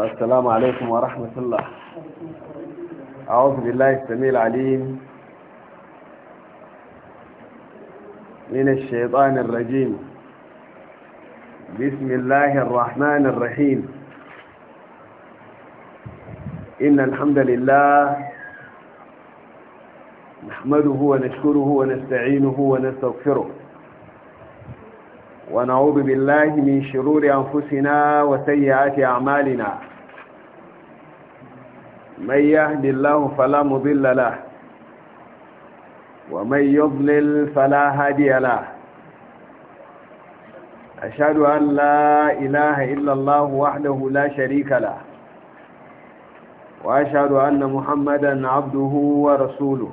السلام عليكم ورحمة الله أعوذ بالله السميع العليم من الشيطان الرجيم بسم الله الرحمن الرحيم إن الحمد لله نحمده ونشكره ونستعينه ونستغفره ونعوذ بالله من شرور أنفسنا وسيئات أعمالنا من يهد الله فلا مضل له ومن يضلل فلا هادي له أشهد أن لا إله إلا الله وحده لا شريك له وأشهد أن محمدا عبده ورسوله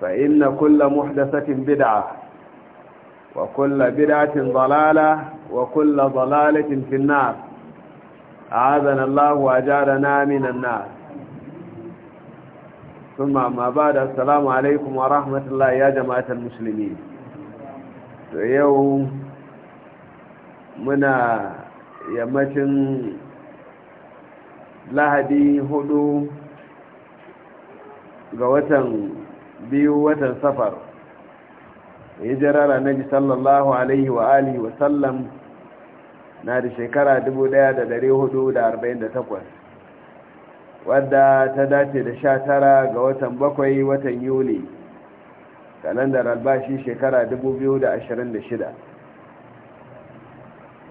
فإن كل محدثة بدعة وكل بدعة ضلالة وكل ضلالة في النار أعاذنا الله وأجارنا من النار ثم ما بعد السلام عليكم ورحمة الله يا جماعة المسلمين يوم منا يمتن lahadi hudu ga watan biyu watan safar na ji sallallahu alaihi wa alihi wa sallam na da shekara 1448 wadda ta dace da 19 ga watan bakwai watan yuli kalandar albashi shekara 2026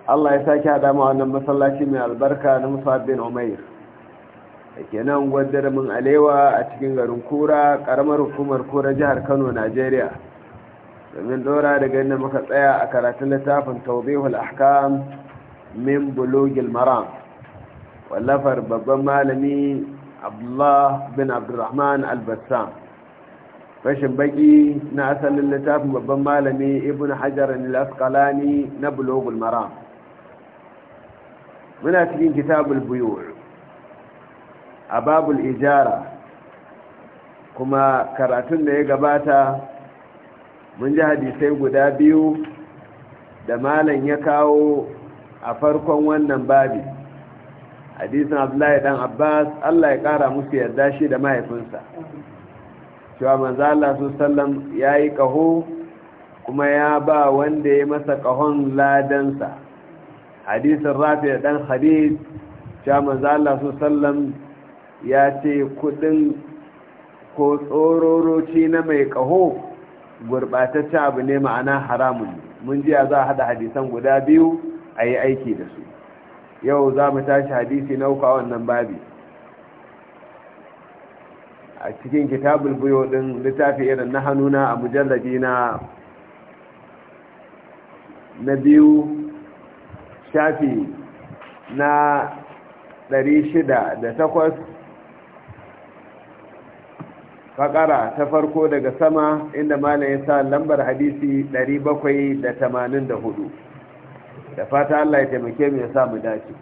Allah ya sake haɗa ma wannan masallaci mai albarka na Musa bin Umair kenan ke alewa a cikin garin kura karamar hukumar kura jihar kano Najeriya, domin dora daga inda muka tsaya a karatun littafin taubihul ahkam min bulogil maram wallafar babban malami abdullah bin abdurrahman albassam fashin baki na asalin littafin babban malami ibn hajar al-asqalani na bulogul maram muna cikin kitabul buyur a babul ijara kuma karatun da ya gabata mun ji hadisai guda biyu da malam ya kawo a farkon wannan babi hadisun abdullahi dan abbas allah ya kara musu yarda shi da mahaifinsa cewa manzo allah su sallam ya yi kaho kuma ya ba wanda ya masa kahon ladansa hadisin rafi dan hadis cewa manzo allah su sallam ya ce kudin ko tsororoci na mai kaho gurbataccen abu ne ma'ana haramun mun jiya za a hada hadisan guda biyu a yi aiki da su yau za mu tashi hadisi na uku a wannan babi a cikin kitabul buyo din littafi irin na hannuna a mujallabi na na biyu shafi na 608 fakara ta farko daga sama inda mala ya sa lambar hadisi 784 da fata Allah ya taimake mu ya sa mu dace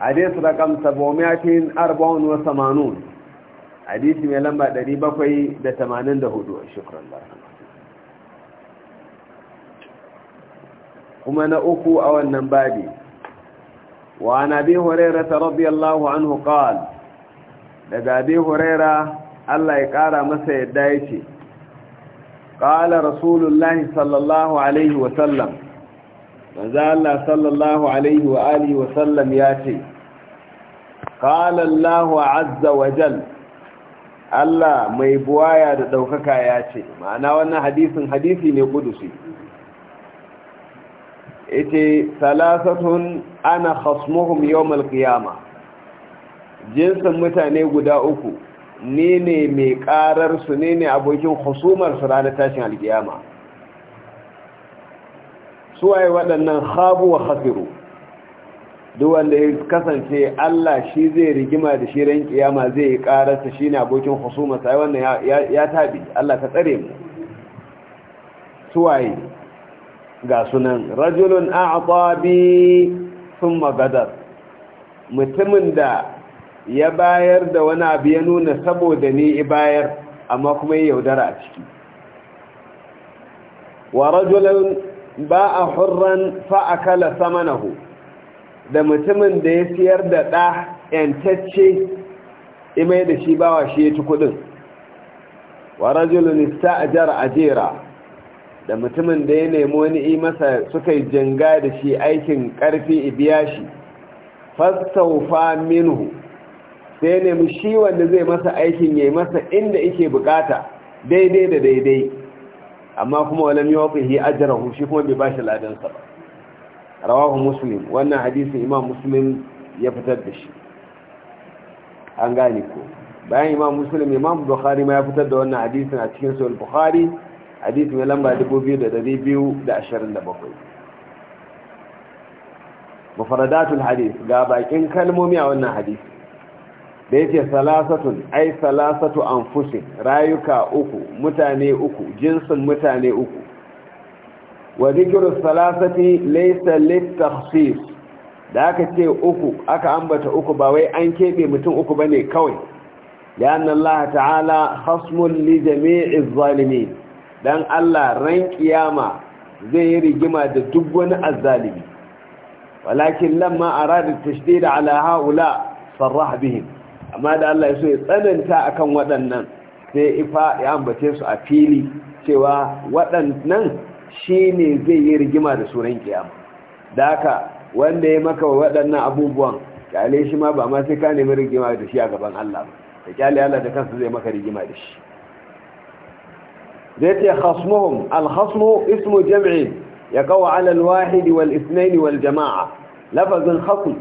hadisi rakam 784 hadisi mai lamba 784 shukran kuma na uku a wannan babi wa nabi hurairah radiyallahu anhu qala daga abi huraira Allah ya kara masa yadda yake qala rasulullahi sallallahu alaihi wa sallam manzo Allah sallallahu alaihi wa alihi wa sallam yace qala Allah azza wa jal Allah mai buwaya da daukaka yace ma'ana wannan hadisin hadisi ne kudusi ite salasatun ana khasmuhum yawm al-qiyamah jinsin mutane guda uku ne ne mai ƙararsu? su ne ne abokin husumar ranar tashin alkiyama waye waɗannan habu wa hasiru duk wanda ya kasance Allah shi zai rigima da shi ran kiyama zai yi ƙararsa shi ne abokin husuma sai wannan ya tabi Allah ka tsare mu Su waye ga sunan rajulun a'ta bi thumma gadar mutumin da ya bayar da wani abu ya nuna saboda ne ya bayar amma kuma ya yaudara a ciki wa rajulun ba a hurran fa'akala samanahu da mutumin da ya siyar da ɗa ‘yantacce imai da shi bawa shi ya ci kudin wa rajulun ista'ajar ajera da mutumin da ya nemi wani masa suka yi janga da shi aikin ƙarfi ibiya shi fastaufa minhu sai ya nemi shi wanda zai masa aikin ya yi masa inda yake bukata daidai da daidai amma kuma walam yuqihi ajrahu shi kuma bai ba ladan sa ba rawahu muslim wannan hadisin imam muslim ya fitar da shi an gane ko bayan imam muslim imam bukhari ma ya fitar da wannan hadisin a cikin sahih bukhari hadisi mai lamba 2227 mufradatul hadis ga bakin kalmomi a wannan hadisi da yake salasatun ai salasatu an fushin rayuka uku mutane uku jinsin mutane uku wani giru salasati laisa littafis da aka ce uku aka ambata uku ba wai an keɓe mutum uku ba ne kawai ya ta'ala hasmun li jami'i zalimi Dan allah ran kiyama zai yi rigima da duk wani azalimi walakin lamma a radar ala ha'ula sarraha bihin amma da Allah ya so ya tsananta a kan waɗannan sai ifa ya ambace su a fili cewa waɗannan shi ne zai yi rigima da suran kiyama da haka wanda ya maka waɗannan abubuwan kyale shi ma ba ma sai ka nemi rigima da shi a gaban Allah ba da kyale Allah da kansa zai maka rigima da shi zai ce khasmuhum ismu jam'i ya kawo alal wahidi wal isnaini wal jama'a lafazin khasm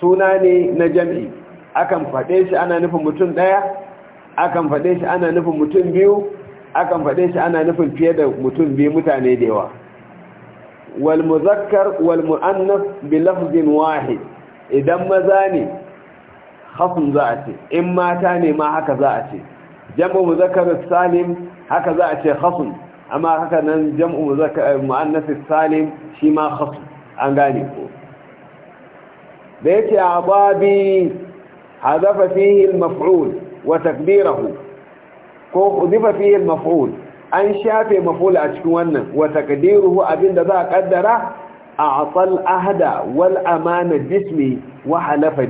suna ne na jam'i akan faɗe shi ana nufin mutum ɗaya akan faɗe shi ana nufin mutum biyu akan faɗe shi ana nufin fiye da mutum biyu mutane da yawa wal muzakkar wal mu'annas bi lafzin wahid idan maza ne hafin za a ce in mata ne ma haka za a ce jam'u muzakkar salim haka za a ce hafin amma haka nan jam'u muzakkar eh, mu'annas salim shi ma hafin an gane ko da yake a babi حذف فيه المفعول ko hudifa maful an shafe maf'ul a cikin wannan wa taqdiruhu abinda za a kaddara a'tal ahda wal amana bismi wa halafa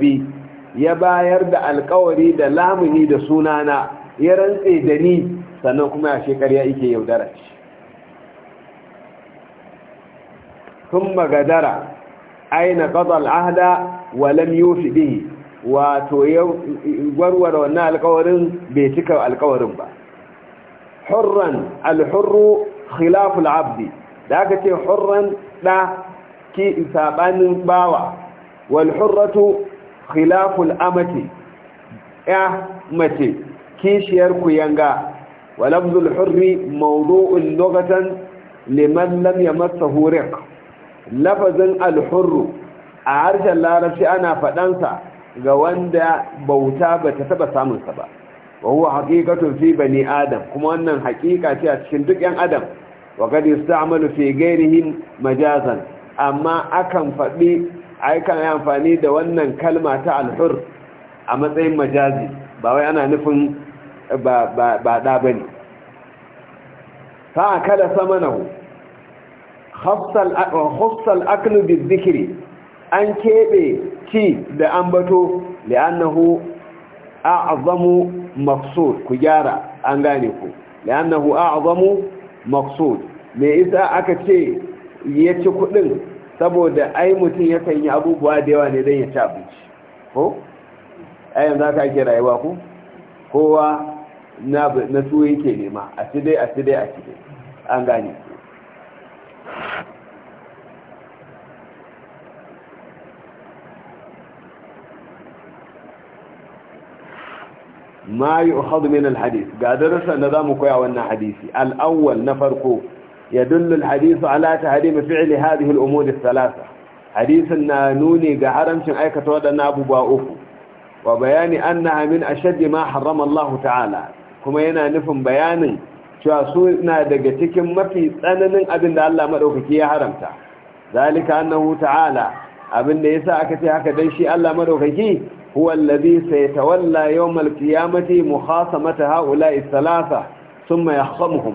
ya bayar da alƙawari da lamuni da sunana ya rantse da ni sannan kuma a shekariya yake yaudara shi thumma gadara aina qada al-ahda wa lam wato ya wannan alkawarin bai cika alkawarin ba hurran alhurru khilaful abdi da aka ce hurran da ki sabanin bawa wal hurratu khilaful amati ya mace kishiyar ku yanga walabzul hurri mawdu'un lugatan liman lam yamassa riq lafazin alhurru a harshen larabci ana fadansa ga wanda bauta ba ta samun samunsa ba wa huwa haqiqatun fi bani adam kuma wannan haqiqa ce a cikin duk yan adam wa kad yusta'malu fi ghayrihim majazan amma akan faɗi akan yi amfani da wannan kalma ta alhur a matsayin majazi ba wai ana nufin ba ba da bane fa akala samanahu khafsal akhsal aklu dhikri an kebe ci da an bato a'zamu maqsud ku gyara an gane ku li'annahu a'zamu maqsud me isa aka ce ya ci kudin saboda ai mutum yakan yi abubuwa da yawa ne don ya ci abinci ko ayan za ka ake rayuwa ku kowa na su yake nema a ci dai a a an gane ku Mayu yu'khadhu min al-hadith ga darasan da zamu koya wannan hadisi al-awwal na farko ya al-hadithu ala tahrim fi'li hadhihi al-umur ath-thalatha hadisin na nuni ga haramcin aikata wadannan abubuwa uku wa bayani annaha min ashaddi ma ta'ala kuma yana nufin bayanin cewa su na daga cikin mafi tsananin abin da Allah madaukaki ya haramta zalika annahu ta'ala abin da yasa aka ce haka dan shi Allah madaukaki هو الذي سيتولى يوم القيامة محاصمة هؤلاء su ثم يخصمهم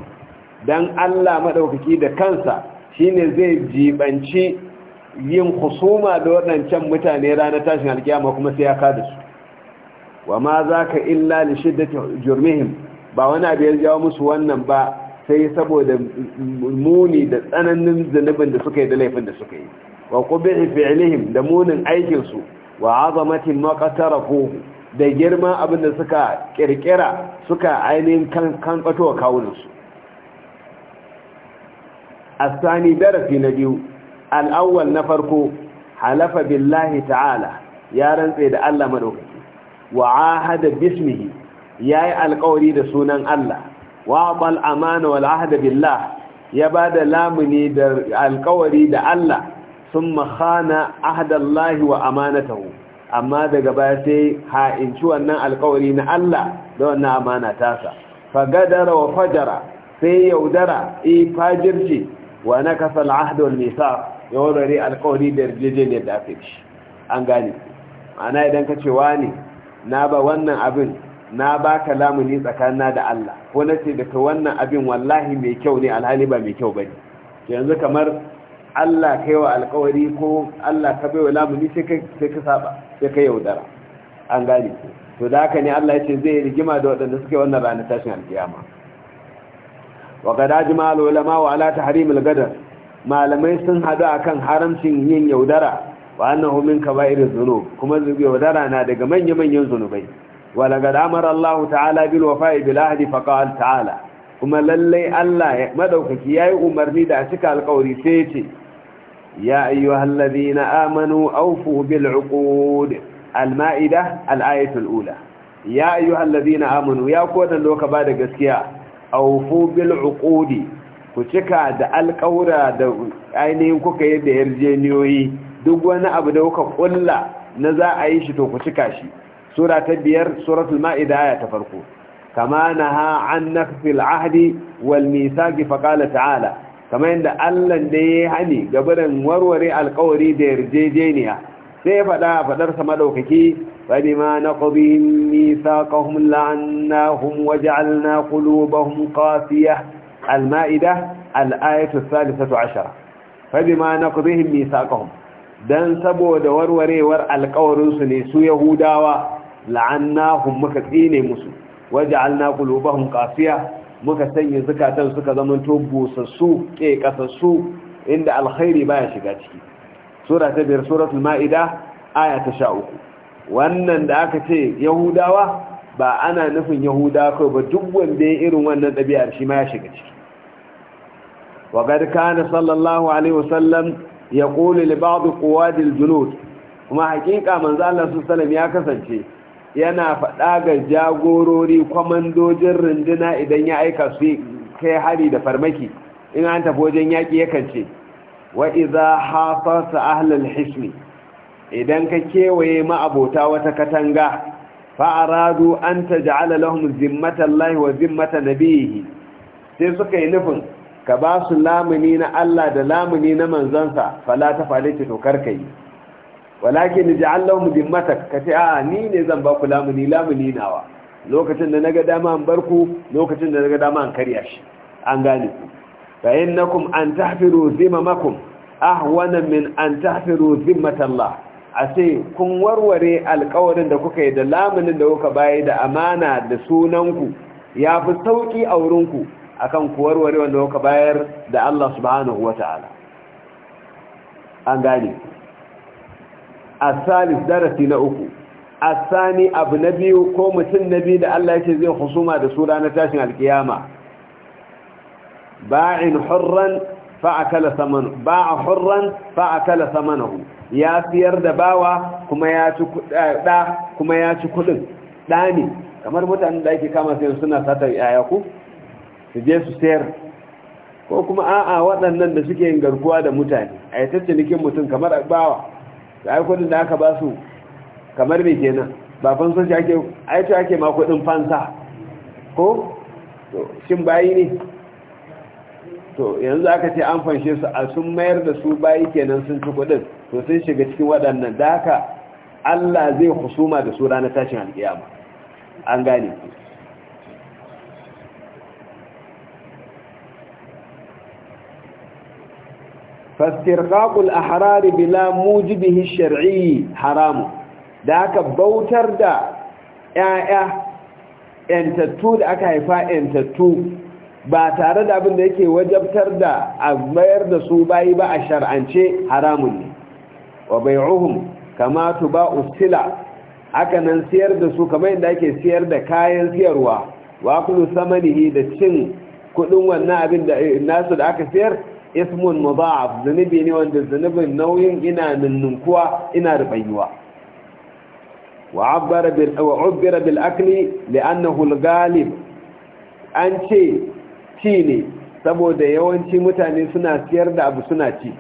dan Allah madaukaki da kansa shine zai jibanci yin husuma da waɗancan mutane ranar tashin alkiyama kuma sai ya kada su wa ma zaka illa li shiddati jurmihim ba wani abu ya jawo musu wannan ba sai saboda muni da tsananin zunubin da suka yi da laifin da suka yi wa qubi fi'lihim da munin aikin su wa azamatin maqtarafuhu da girma abin da suka kirkira suka ainihin kan kan bato kawunansu asani darasi na biyu al'awwal na farko halafa billahi ta'ala ya rantse da Allah madaukaki wa ahada bismihi yayi alƙawari da sunan Allah wa amana wal ahda billah ya da lamuni da alƙawari da Allah sun mahana ahadallahi wa amanatahu amma daga baya sai ha'inci wannan alkawari na Allah da wannan amana tasa fagadara wa fajara sai yaudara e fajirci wa nakasa al'ahd wal nisa ya warware alkawari da yarjejeniyar da aka ci an gane ana idan ka ce wani na ba wannan abin na ba ka lamuni tsakanina da Allah ko na ce daga wannan abin wallahi mai kyau ne alhali ba mai kyau ba ne yanzu kamar Allah ka yi wa alkawari ko Allah ka wa lamuni sai ka saba sai ka yaudara an gane to da haka ne Allah ya ce zai rigima da waɗanda suke wannan ranar tashin alkiyama wa qad ajma al ulama wa ala gadar malamai sun hadu kan haramcin yin yaudara wa homin ka ba irin zuno kuma yaudara na daga manya-manyan zunubai ta'ala bil الله bil ahdi fa فقال ta'ala. kuma lallai Allah madaukaki yayi umarni da a cika alƙawari sai ce يا أيها الذين آمنوا أوفوا بالعقود المائدة الآية الأولى يا أيها الذين آمنوا يا قوة لوك بعد قسكيا أوفوا بالعقود كتكا دا القورة دا أينهم كوكا يدى يرجينيوي دقوانا أبدوك قل نزا أيش توك تكاشي سورة تبير سورة المائدة آية تفرقو كما نهى عن نقص العهد والميثاق فقال تعالى kamar da allan da ya yi hani gabarin warware alkawari da yarjejeniya sai faɗa a faɗarsa maɗaukaki bari ma na ƙobi nisa ƙahun la'annahun waje alna kulubahun ƙafiya alma'ida al'ayatu salisatu ashara bari ma na ƙobi nisa ƙahun don saboda warwarewar alkawarinsu ne su yahudawa la'annahun muka tsine musu waje alna kulubahun ƙafiya muka sanya zukatan suka zamanto busassu ke kasassu inda alkhairi baya shiga ciki sura ta biyar suratul ma'ida aya ta sha uku wannan da aka ce yahudawa ba ana nufin yahudawa kawai ba duk wanda ya irin wannan ɗabi'ar shi ma ya shiga ciki wa gad kana sallallahu alaihi wasallam ya qulu li ba'd quwadil junud kuma hakika manzo Allah sallallahu ya kasance yana faɗa ga jagorori kwamandojin rinduna idan ya aika su kai hari da farmaki in an tafi wajen yaƙi yakan ce wa iza hafasa ahlul hisni idan ka kewaye ma'abota wata katanga fa'aradu an ta ja'ala lahum zimmatan lahi wa zimmata nabihi sai suka yi nufin ka ba su lamuni na Allah da lamuni na manzansa fala ta falice to karka yi walakin ja'al lahum dimmatak kace a ni ne zan ba ku lamuni lamuni nawa lokacin da naga dama an barku lokacin da naga dama an kariya shi an gane ku fa innakum an tahfiru zimmamakum ahwana min an tahfiru zimmatallah ase kun warware alƙawarin da kuka yi da lamunin da kuka bayi da amana da sunanku ya fi sauƙi a wurin ku, akan ku warware wanda kuka bayar da Allah subhanahu wata'ala an gane ku asalis darasi na uku asani abu na biyu ko mutum na biyu da Allah ce zai husuma da su ranar tashin alkiyama ba'in hurran akala samanu ba'a hurran akala samanu ya siyar da bawa kuma ya ci da kuma ya ci kudin dani kamar mutanen da yake kama sai suna sata yaya ku su je su sayar ko kuma a'a waɗannan da suke yin garkuwa da mutane a yi tattalikin mutum kamar bawa da ai kudin da aka ba su kamar me kenan ba fansa shi ake ai to ake ma kudin fansa ko to shin bayi ne to yanzu aka ce an fanshe su a sun mayar da su bayi kenan sun ci kudin to sun shiga cikin waɗannan da haka Allah zai husuma da su ranar tashin alƙiyama an gane a harari bila mujibihi shar'i haram da aka bautar da 'ya'ya yantattu da aka haifa yantattu ba tare da abin da yake wajabtar da a bayar da su bayi ba a shar'ance haramun ne wa bai'uhum kama tuba'u sila aka nan siyar da su kamar yadda ake siyar da kayan siyarwa wa kullu samanihi da cin kudin wannan abin da nasu da aka siyar ismun mudha'af zunubi ne wanda zunubin nauyin ina nunnunkuwa ina rubaiwa wa abara bil wa ubira bil akli li'annahu al an ce ci ne saboda yawanci mutane suna siyar da abu suna ci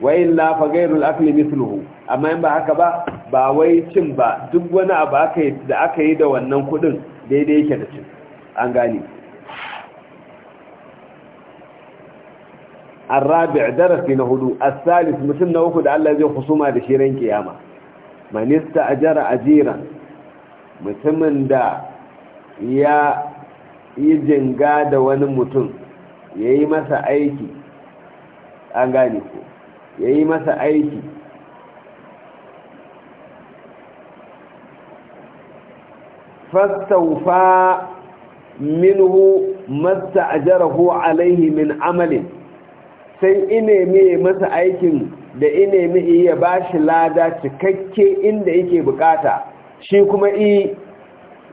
wa illa fa ghayrul akli mithluhu amma in ba haka ba ba wai cin ba duk wani abu da aka yi da wannan kudin daidai yake da cin an gani. الرابع درس نهدو الثالث مثل نوكو دا الله زي خصوما دا شيرين كياما من استأجر أجيرا مثل من دا يا يجنقا دا ونمتن يأي مسا أيكي أغانيكو يأي مسا أيكي فاستوفى منه ما استأجره عليه من عمله sai inemi masa aikin da inemi iya shi lada cikakke inda yake bukata shi kuma i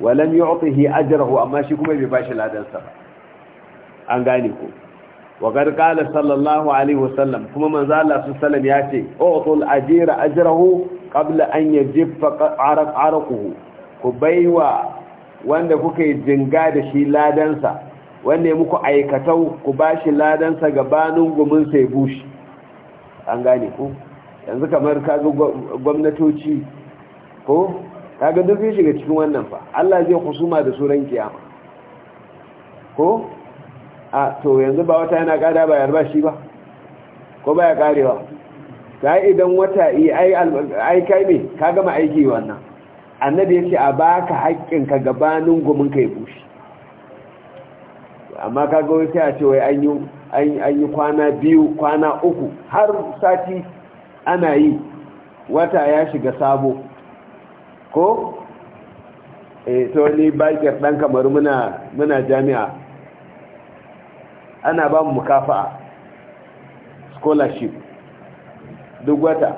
walam yu'tihi ajrahu amma shi kuma bai ba shi ladansa ba an gane ko wa qad sallallahu alaihi wasallam kuma manzo Allah sallallahu ya ce utul ajira ajrahu qabla an yajiffa araq araquhu ku baiwa wanda kuka yi jinga da shi ladansa wanda ya muku aikatau ku bashi ladansa gabanin gumin sai bushi an gane ku yanzu kamar ga gwamnatoci ko kaga duk zai shiga cikin wannan fa Allah zai husuma da suran kiyama ko a to yanzu ba wata yana kada ba yarba shi ba ko baya karewa ta idan wata ai kai ne ka gama aiki wannan annabi ya ce a baka haƙƙinka gabanin gumin kai bushi amma kaga wai sai a ce wai an yi kwana biyu kwana uku har sati ana yi wata ya shiga sabo ko e to ni bakir dan kamar muna muna jami'a ana ba mu kafa scholarship duk wata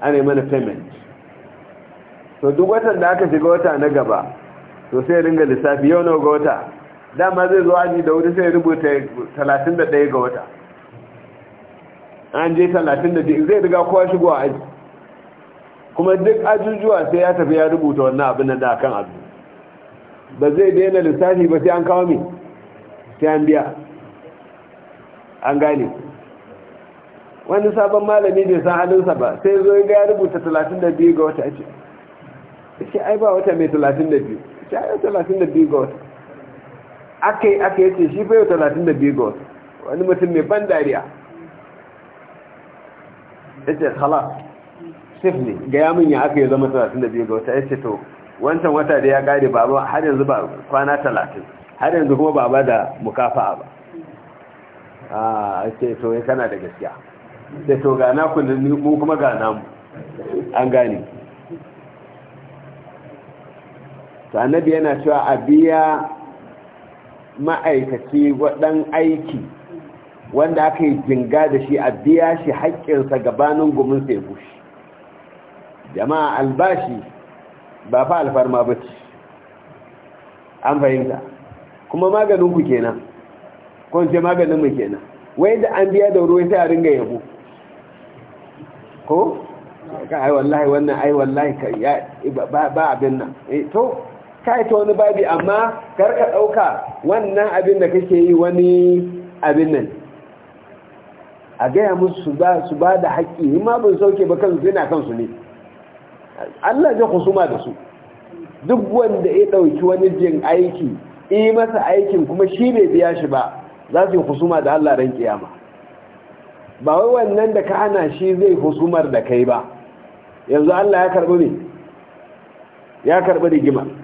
ana mana payment to duk watan da aka shiga wata na gaba to sai ringa lissafi yau nawa ga wata dama zai zo aji da wuri sai rubuta 31 ga wata an je 32 zai riga kowa shigo a aji kuma duk ajujuwa sai ya tafi ya rubuta wannan abin da kan abu ba zai daina lissafi ba sai an kawo mai sai an biya an gane wani sabon malami bai san halinsa ba sai zo ga ya rubuta 32 ga wata ce ai ba wata mai 32 shi ai 32 ga wata aka yi aka yace shi fayo yau talatin da bigos wani mutum mai ban dariya ya ce hala sif ne gaya min ya aka yi zama talatin da bigos ya ce to wancan wata da ya gari baba har yanzu ba kwana talatin har yanzu kuma baba da mukafa ba a ce to ya eh, kana da gaskiya da to gana na kun mu kuma gana mu an gani to annabi yana cewa a biya ma'aikaci waɗan aiki wanda aka yi jinga da shi a biya shi haƙƙinsa gabanin gumin sai bushi jama'a albashi ba fa alfarma ba ce an fahimta kuma maganinku kenan kwanci maganinmu kenan wai da an biya da ruwa sai a ringa yabo ko ka ai wallahi wannan ai wallahi ka ba abin nan eh to ka wani babi amma kar ka ɗauka wannan abin da kake yi wani abin nan a gaya musu su ba da haƙƙi in ma su sauke ba kansu yana kansu ne Allah ya kusuma da su duk wanda ya ɗauki wani jin aiki yi masa aikin kuma shi bai biya shi ba za su yi kusuma da Allah ran kiyama ba wai wannan da ka hana shi zai kusumar da kai ba yanzu Allah ya karɓi ne ya karɓi rigimar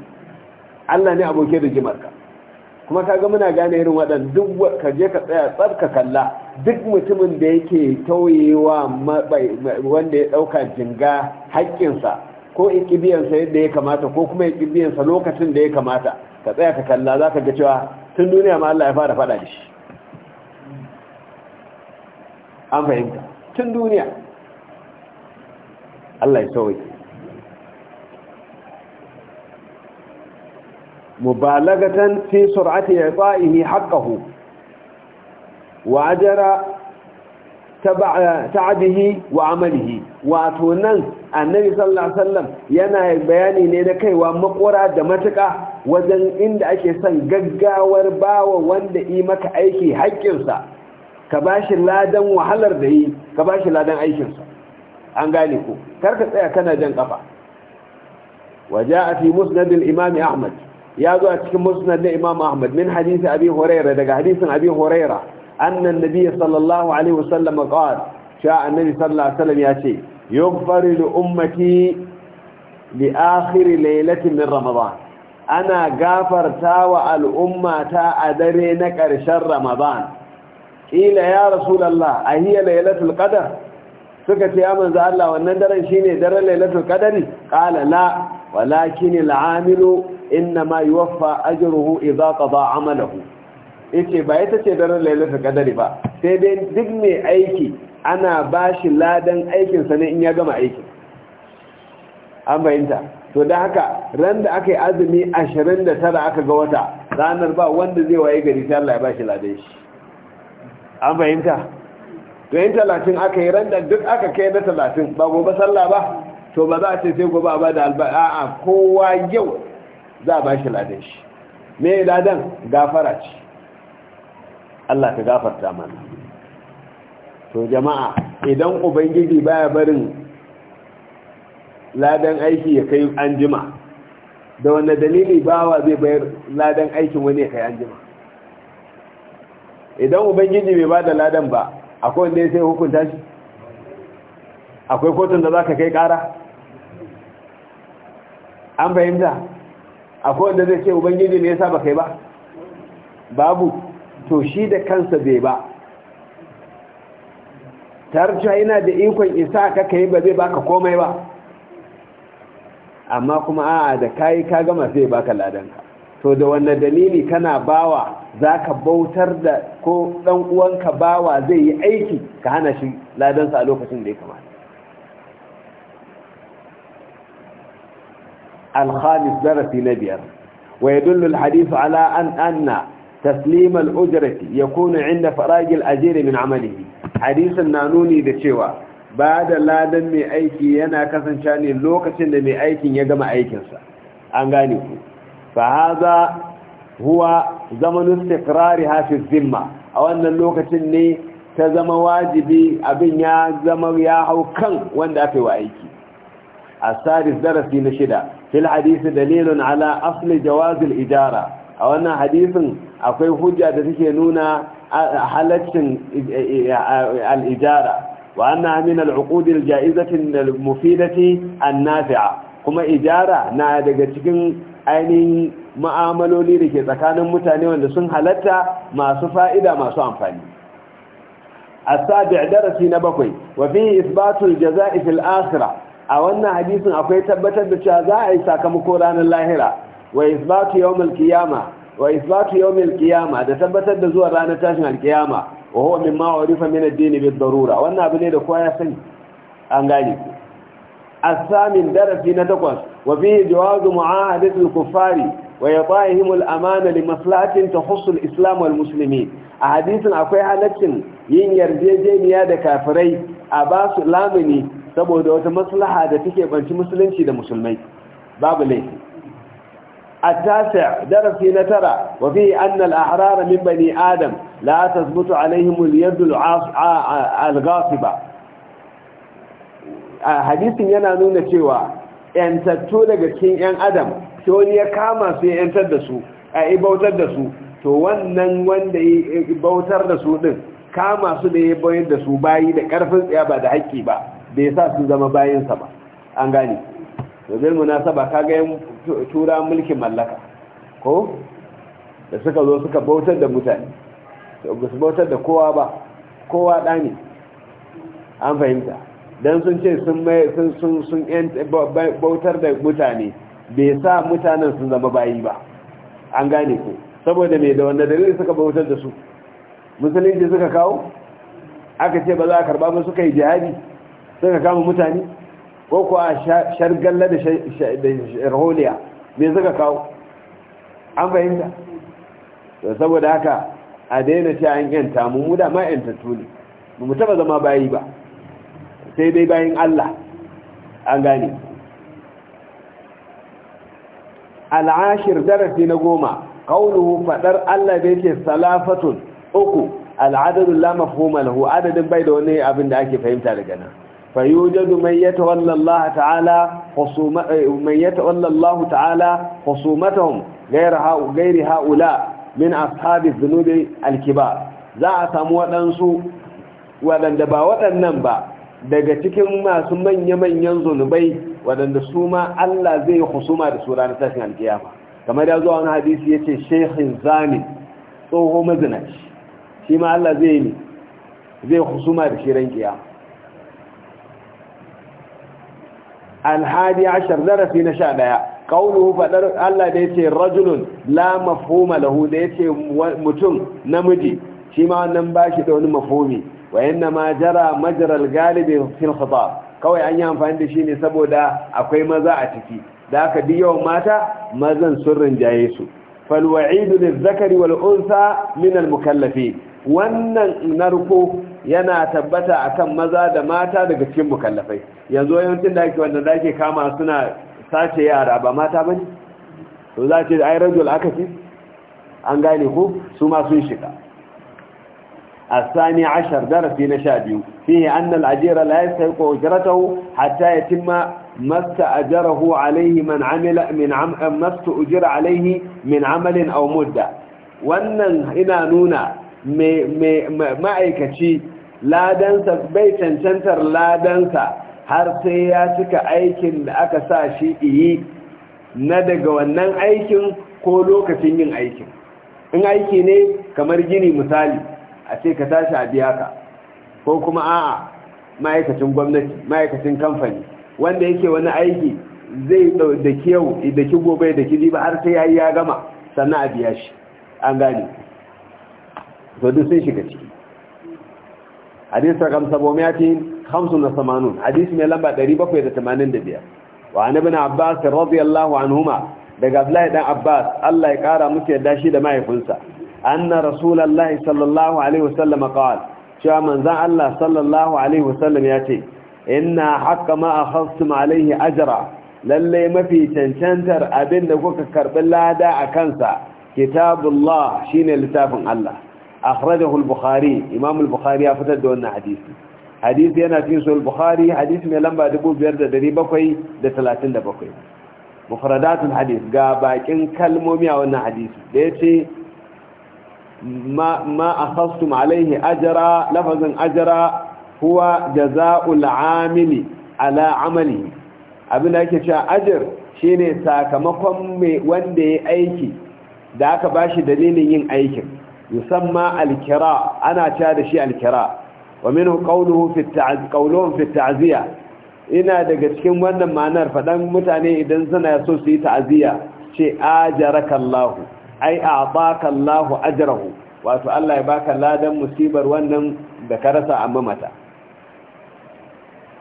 Allah ne abokin ka. kuma kaga muna gane irin waɗanda duk ka je ka tsaya tsar ka kalla duk mutumin da yake tauyewa wanda ya ɗauka jinga haƙƙinsa ko ikibiyansa yadda ya kamata ko kuma ikibiyansa lokacin da ya kamata ka tsaya ka kalla za ka ga cewa tun duniya ma Allah ya fara faɗa da shi an fahimta tun duniya Allah ya sauke مبالغة في سرعة إعطائه حقه وعجر ta'abihi wa amalihi wato nan annabi sallallahu alaihi yana bayani ne na kaiwa makora da matuka wajen inda ake son gaggawar bawa wanda yi maka aiki sa, ka bashi ladan wahalar da yi ka bashi ladan aikinsa an gane kar karka tsaya kana jan kafa waja'a fi musnad al-imam ahmad ya zo a cikin musnad na imam ahmad min hadisi abi huraira daga hadisin abi huraira annan nabiy sallallahu alaihi wasallam qala sha annabi sallallahu alaihi wasallam ya ce yughfaru li ummati li akhir laylatin min ramadan ana gafarta wa al'ummata a dare na ƙarshen ramadan ƙila ya rasulallah a hiya lailatul qadar suka ce ya manzo Allah wannan daren shine daren lailatul qadari qala la walakin al'amilu inna ma yuwaffa ajruhu idza qada amalahu yace ba ita ce daren lailatul qadari ba sai dai duk mai aiki ana bashi ladan aikin sa ne in ya gama aiki an bayyanta to da haka ran da aka yi azumi 29 aka ga wata ranar ba wanda zai waye gari sai Allah ya bashi ladan shi an bayyanta to yin 30 aka yi ran da duk aka kai na 30 ba gobe sallah ba to ba za a ce sai gobe ba da a kowa yau za a bashi ladan shi me ladan gafara ce Allah ka gafarta mana to jama'a idan ubangiji baya barin ladan aiki ya kai anjima da wanda dalili bawa zai bayar ladan aikin wani ya kai anjima idan ubangiji bai bada ladan ba akwai wanda ya sai hukunta shi akwai kotun da za ka kai kara an fahimta akwai wanda zai ce ubangiji ne ya saba kai ba babu to shi da kansa bai ba tarja yana da ikon isa ka kai ba zai baka komai ba amma kuma a'a da kayi ka gama zai baka ladanka to da wannan dalili kana bawa zaka bautar da ko dan uwanka bawa zai yi aiki ka hana shi ladansa a lokacin da ya kamata الخامس درس نبير ويدل الحديث على أن أن تسليم الأجرة يكون عند فراج الأجير من عمله حديث النانوني ذا شوى بعد لا دم أيكي ينا كسن شاني لوكس دم أيكي يجمع أيكنسا أنغانيك فهذا هو زمن استقرارها في الذمة أو أن اللوكس ني تزم واجبي أبن يا زمر يا حو كان وان دافي وأيكي الثالث درسي نشدة في الحديث دليل على أصل جواز الإجارة أو أن حديث أقول حجة تشينون حالة الإجارة وأنها من العقود الجائزة المفيدة النافعة كما إجارة نادقتكم ainihin ma'amaloli da ke tsakanin mutane wanda sun halatta masu fa'ida masu amfani a sabi darasi na bakwai wafi isbatul jaza'i fil asira a wannan hadisin akwai tabbatar da cewa za a yi sakamako ranar lahira wa isbatu yawmil da tabbatar da zuwa ranar tashin alqiyama wa huwa mimma urifa min ad-din bi wannan abu ne da kowa ya sani an darasi na takwas wa bi jawaz mu'ahadatil kufari wa yata'ihim al-amana li maslahatin tahussul islam wal musulmi. a hadisin akwai halaccin yin yarjejeniya da kafirai a basu lamini saboda wata maslaha da take banci musulunci da musulmai babu laifi التاسع درس نترى وفيه أن الأحرار من بني آدم لا تثبت al اليد الغاصبة yana nuna cewa ‘yantattu daga cikin ‘yan adam ta wani ya kama su ya ‘yantar da su a ibautar da su to wannan wanda ya ibautar da su ɗin kama su da ya bayar da su bayi da ƙarfin tsaya ba da hakki ba bai sa su zama bayansa ba an gane zai munasaba kaga yin tura mulkin mallaka ko da suka zo suka bautar da mutane ba su bautar da kowa ba kowa ɗa ne an fahimta don sun ce sun bautar da mutane bai sa mutanen sun zama bayi ba an gane ku saboda mai da wanda dalilin suka bautar da su musulunci suka kawo aka ce ba za a karba ba suka yi jihadi sai ka kama mutane ko kuwa shargalla da shirholiya me suka kawo an fahimta da saboda haka a daina ce an yanta mu mu da ma yantattu ne ba mu taba zama bayi ba sai dai bayin Allah an gane al'ashir darasi na goma qawluhu fadar Allah da yake salafatun uku al'adadu la mafhuma lahu adadin bai da wani abin da ake fahimta daga nan فيوجد من يتولى الله تعالى خصومه من يتولى الله تعالى خصومتهم غير غير هؤلاء من اصحاب الذنوب الكبار za a samu waɗansu waɗanda ba waɗannan ba daga cikin masu manya-manyan zunubai waɗanda su ma Allah zai husuma da su ranar tashin alkiyama kamar ya zuwa wani hadisi ya ce shehin zani tsoho mazinaci shi ma Allah zai yi zai husuma da shi ran kiyama alhadi ashar darasi na sha ɗaya ƙaunuhu faɗar Allah da ya ce rajulun la mafhuma lahu da ya ce mutum namiji shi ma wannan ba shi da wani mafhumi wa yanna ma jara majaral galibi fil ba. kawai an yi amfani da shi ne saboda akwai maza a ciki da aka bi yawan mata mazan sun rinjaye su falwa'idu lizzakari wal unsa min al mukallafi wannan narko yana tabbata akan maza da mata daga cikin mukallafai yanzu yawancin da ake wanda da kama suna sace yara ba mata bane to za ce ai rajul aka an gane ko su ma sun shiga الثاني عشر درس نشابي فيه أن الأجير لا يستحق أجرته حتى يتم ما استأجره عليه من عمل من عم ما استأجر عليه من عمل أو مدة وأن هنا نونا ma'aikaci ladansa bai cancantar ladansa har sai ya cika aikin da aka sa shi iyi na daga wannan aikin ko lokacin yin aikin in aiki ne kamar gini misali a ce ka tashi a biya ka ko kuma a'a ma'aikacin gwamnati ma'aikacin kamfani wanda yake wani aiki zai da kiyau idaki gobe da ki ba har sai ya gama sannan a biya shi an gane to sun shiga ciki hadis na 785 hadis mai lamba 785 wa annabi abbas radiyallahu anhuma daga abdullahi dan abbas Allah ya kara musu yadda shi da mahaifinsa anna rasulullahi sallallahu alaihi wasallam qala cewa manzon Allah sallallahu alaihi wasallam ya ce ina haqqa ma akhadtum alaihi ajra lallai mafi cancantar abin da kuka karbi lada a kansa kitabullah shine littafin Allah akhrajahu al-bukhari bukhari ya fitar da wannan hadisi hadisi yana cikin sahih al hadisi mai lamba 5737 mufradatul hadis ga baƙin kalmomi a wannan hadisi da yace ma ma akhastum alaihi ajra lafazin ajra huwa jazaa'ul 'amili ala 'amalihi abin da yake cewa ajr shine sakamakon mai wanda ya aiki da aka bashi dalilin yin aikin yusamma alkira ana ta da shi alkira wa minhu qawluhu fi ina daga cikin wannan ma'anar fadan mutane idan suna so su yi ta'ziya ce ajarakallahu ai a'takallahu ajrahu wato Allah ya baka ladan musibar wannan da ka rasa amma mata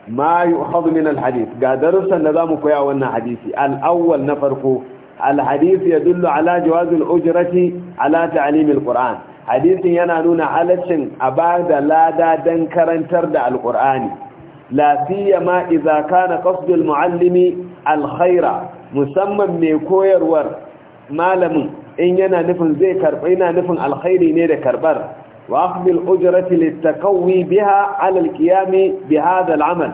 ma yu'khadhu min alhadith ga darussan da zamu koya wannan hadisi al na farko الحديث يدل على جواز الأجرة على تعليم القرآن حديث ينالون على الشن أبعد لا دا دنكرا ترد القرآن لا سيما إذا كان قصد المعلم الخير مسمى ميكوير ور مالم إن ينا نفن زي كرب إنا نفن الخير نيد كربر وأخذ الأجرة للتقوي بها على القيام بهذا العمل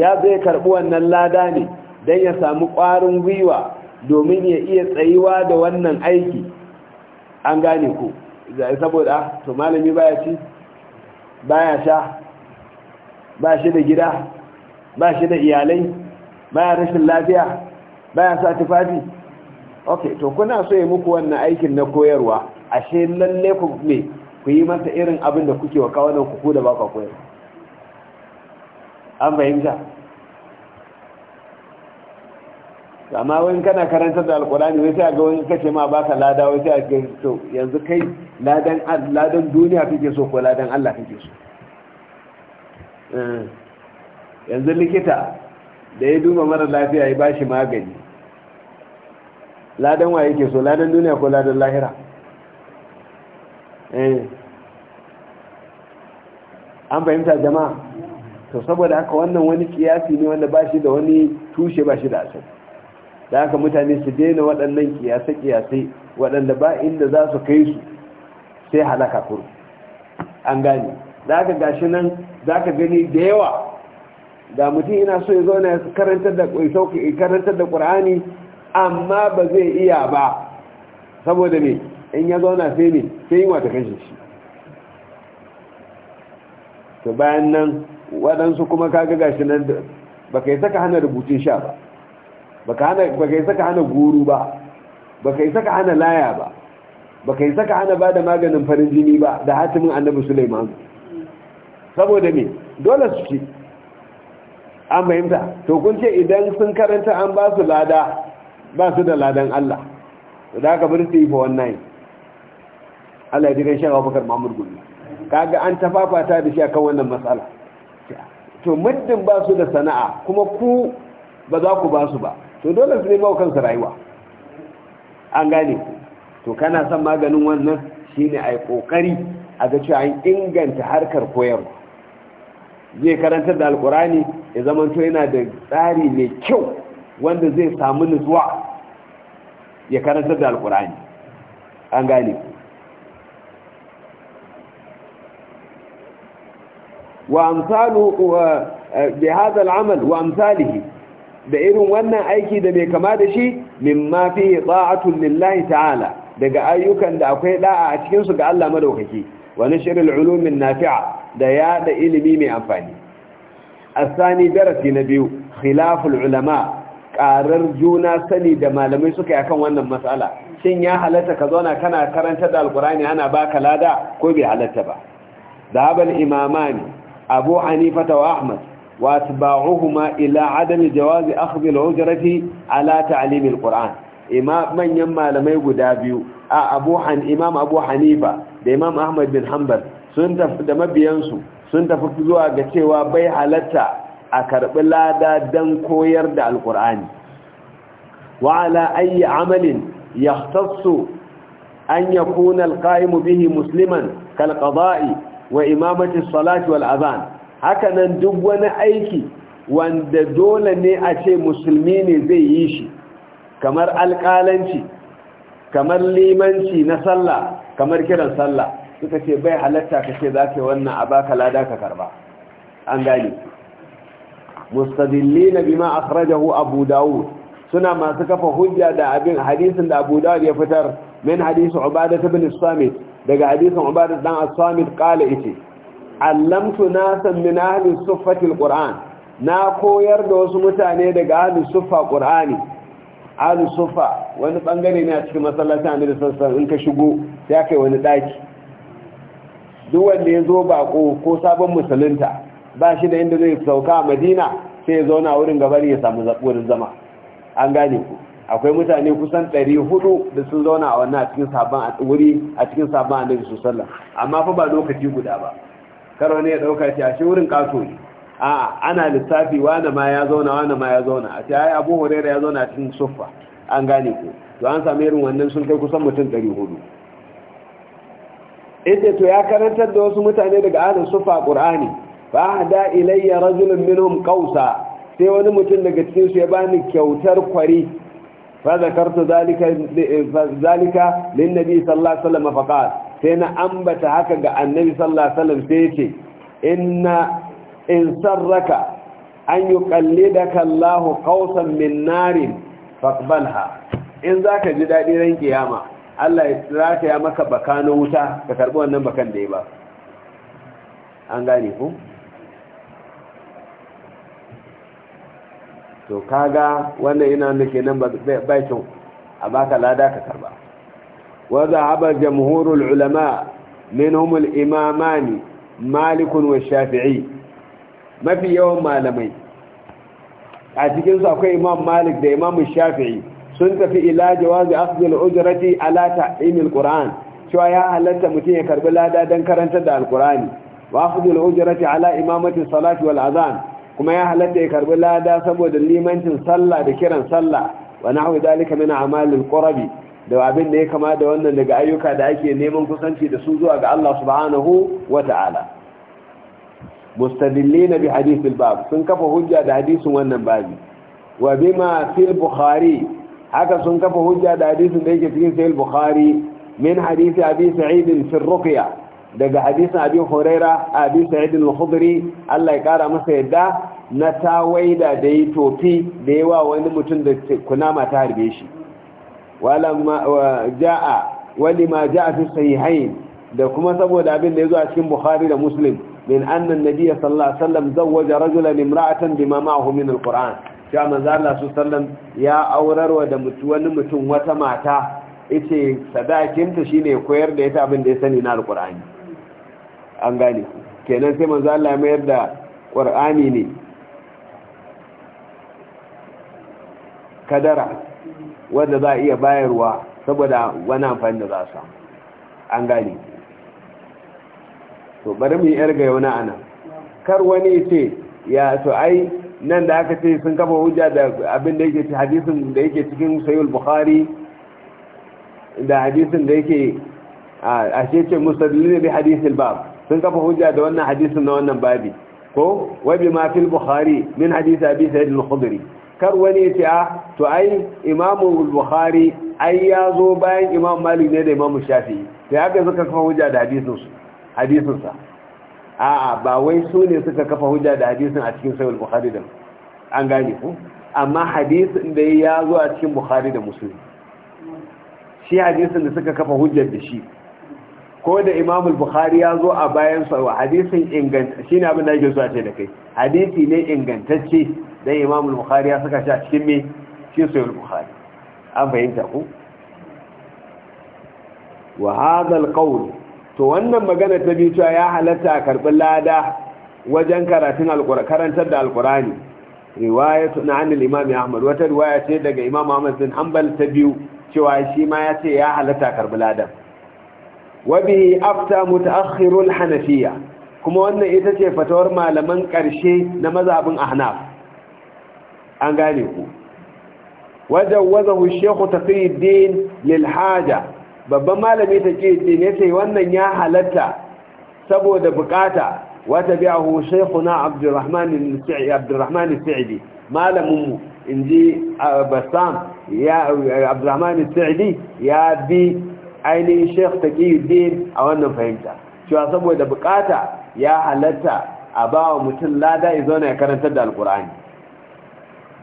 ya zai karɓi wannan lada ne don ya samu ƙwarin gwiwa domin ya iya tsayuwa da wannan aiki an gane ku Zai saboda to malami baya ci baya sha ba shi da gida ba shi da iyalai baya rashin lafiya baya sa tufafi ok to kuna so yi muku wannan aikin na koyarwa ashe lalle ku me ku yi masa irin abin da kuke wa kawanan kuku da ba ka koyarwa an fahimta amma wani kana karanta da alkurani wai sai a ga wani kace ma baka lada wai sai a ga to yanzu kai ladan ladan duniya kake so ko ladan Allah kake so eh. yanzu likita da ya duba mara lafiya ya bashi magani ladan wa yake so ladan duniya ko ladan lahira eh an fahimta jama'a to saboda haka wannan wani kiyasi ne wanda bashi da wani tushe bashi da asali da haka mutane su daina waɗannan kiyasa kiyase waɗanda ba inda za su kai su sai halaka kuru an gani da haka gashi nan za ka gani da yawa da mutum ina so ya zauna ya karantar da karantar ƙur'ani amma ba zai iya ba saboda me in ya zauna sai ne sai yi wata kashe shi to bayan nan waɗansu kuma kaga gashi nan da, ba kai saka hana rubutun sha ba Ba ka yi saka hana guru ba Ba ka yi saka hana laya ba Ba ka yi saka hana ba da maganin farin jini ba da hatimin annabi suleiman saboda me dole su ci an fahimta to kun ce idan sun karanta an ba su lada ba su da ladan Allah da aka bar su yi fa wannan Allah ya ji gaishe bakar mamur gudu kaga an tafafata da shi akan wannan matsala to muddin ba su da sana'a kuma ku ba za ku ba su ba to dole su ne ba kansu rayuwa an gane to kana son maganin wannan shine ai kokari a ga cewa an inganta harkar koyar zai karantar da alkurani ya zamanto yana da tsari mai kyau wanda zai samu nutsuwa ya karantar da alkurani an gane wa amsalu eh, bi hadha al-amal wa amsalihi da irin wannan aiki da mai kama da shi mimma fi ta'atun lillahi ta'ala daga ayyukan da akwai da'a a cikin su ga Allah madaukaki wa nashrul ulumin nafi'a da yada ilimi mai amfani asani darasi na biyu khilaful ulama karar juna sani da malamai suka yi akan wannan matsala shin ya halatta ka zauna kana karanta da alqur'ani ana baka lada ko bai halatta ba ذهب Abu أبو حنيفة Ahmad. واتباعهما الى عدم جواز اخذ العجره على تعليم القران imam manyan malamai guda biyu a abu imam abu hanifa da imam ahmad bin hanbal sun tafi da mabiyansu sun tafi zuwa ga cewa bai halatta a karbi lada dan koyar da alqur'ani wa ala ayi amalin yahtassu an yakuna alqa'imu bihi musliman kal qada'i wa imamati as-salati wal adhan haka nan duk wani aiki wanda dole ne a ce musulmi ne zai yi shi kamar alƙalanci kamar limanci na sallah kamar kiran sallah suka ce bai halatta ka ce za ka yi wannan a baka lada ka karba an gani mustadilli na bima abu dawud suna masu kafa hujja da abin hadisin da abu dawud ya fitar min hadisin ubadah ibn samit daga hadisin ubadah dan as-samit qala allamtu nasan min ahli suffati qur'an na koyar da wasu mutane daga ahli suffa qur'ani ahli suffa wani bangare ne a cikin masallacin Annabi sallallahu in ka shigo sai kai wani daki duk wanda ya zo bako ko sabon musulunta ba shi da inda zai sauka a Madina sai ya zauna wurin gabari ya samu wurin zama an gane ku akwai mutane kusan 400 da sun zauna a wannan cikin sabon wuri a cikin sabon Annabi sallallahu amma fa ba lokaci guda ba karo ne ya dauka shi a shi wurin kaso ne a ana lissafi wani ma ya zauna wani ma ya zauna a ce ai abu huraira ya zauna cikin suffa an gane ku. to an samu irin wannan sun kai kusan mutum 400 ita to ya karantar da wasu mutane daga ahlin suffa qur'ani fa hada ilayya rajulun minhum qausa sai wani mutum daga cikin su ya bani kyautar kwari fa zakartu zalika zalika lin nabi sallallahu alaihi wasallam faqala sai na ambata haka ga annabi sallallahu alaihi wasallam sai yace inna in sarraka an yuqallidaka Allahu qausan min narin faqbalha in zaka ji dadi ran kiyama Allah ya tsaka ya maka baka na wuta ka karbi wannan bakan da ya ba an gane ku to kaga wannan ina nake nan ba kyau a baka lada ka karba وذهب جمهور العلماء منهم الإمامان مالك والشافعي ما في يوم مالمي أتكلم أخوي إمام مالك ده إمام الشافعي سنت في إلى جواز أخذ الأجرة على تعليم القرآن شو يا هلت متي كربلا دا دن كرنت دا القرآن وأخذ الأجرة على إمامة الصلاة والأذان kuma ya halatta ya karbi lada saboda limancin sallah da kiran sallah wa nahwu dalika min a'malil qurabi da abin da ya kama da wannan daga ayyuka da ake neman kusanci da su zuwa ga Allah subhanahu wa ta'ala mustadillina bi hadithil bab sun kafa hujja da hadisin wannan babi wa bima fil bukhari haka sun kafa hujja da hadisin da yake cikin sahih bukhari min hadisi abi sa'id fi ruqya daga hadisin abi hurayra abi sa'id al-khudri Allah ya kara masa yadda na tawaida da yi tofi da yawa wani mutum da kunama ta harbe shi ولما وجاء ولما جاء fi الصحيحين da kuma saboda abin da yazo a cikin Bukhari da Muslim min anna an sallallahu alaihi wasallam zawwaja rajulan imra'atan bima ma'ahu min al-Qur'an cewa manzo Allah sallam ya aurarwa da wani mutum wata mata yace sadakinta shine koyar da ita abin da ya sani na al an gane kenan sai manzo ya mayar da Qur'ani ne kadara wanda za a iya bayarwa saboda wani amfani da za a samu an gani to bari mu yi yar ga wani ana kar wani ce ya to ai nan da aka ce sun kafa hujja da abin da yake hadisin da yake cikin sayul bukhari da hadisin da yake a ce ne bi hadisin bab sun kafa hujja da wannan hadisin na wannan babi ko wabi ma fil bukhari min hadisi abi sa'id al-khudri kar wani ya ce a ah, to ai imamu bukhari ai ya zo bayan imam malik ne da imam shafi'i da haka suka kafa hujja da a a'a ba wai su ne suka kafa hujja da hadisin a cikin sahih bukhari da an gane ku amma hadisin da ya zo a cikin bukhari da muslim shi hadisin da suka kafa hujjar da shi ko da imam bukhari ya zo a bayan sa hadisin inganta shine abin da yake so a ce da kai hadisi ne ingantacce dan imam al-bukhari ya saka shi a cikin me shi sai al-bukhari an fahimta ku wa hada al-qawl to wannan magana ta biyu cewa ya halatta a lada wajen karatun alƙur'ani karantar da Al-Qur'ani, riwayatu na al imam ahmad wata riwaya ce daga imam ahmad bin hanbal ta biyu cewa shi ma ya ce ya halatta a lada wa bihi afta mutaakhirul hanafiya kuma wannan ita ce fatawar malaman ƙarshe na mazhabin ahnaf an gane ku wajen wazahu shekhu taqiyuddin lil haja babban malami ta ya sai wannan ya halatta saboda bukata wata biya shaykhuna abdurrahman abdurrahman saidi malaminmu in inji uh, basam ya uh, abdurrahman saidi ya bi ainihin sheikh din a wannan fahimta cewa saboda bukata ya halatta a bawa mutum lada ya zauna ya karantar da alkur'ani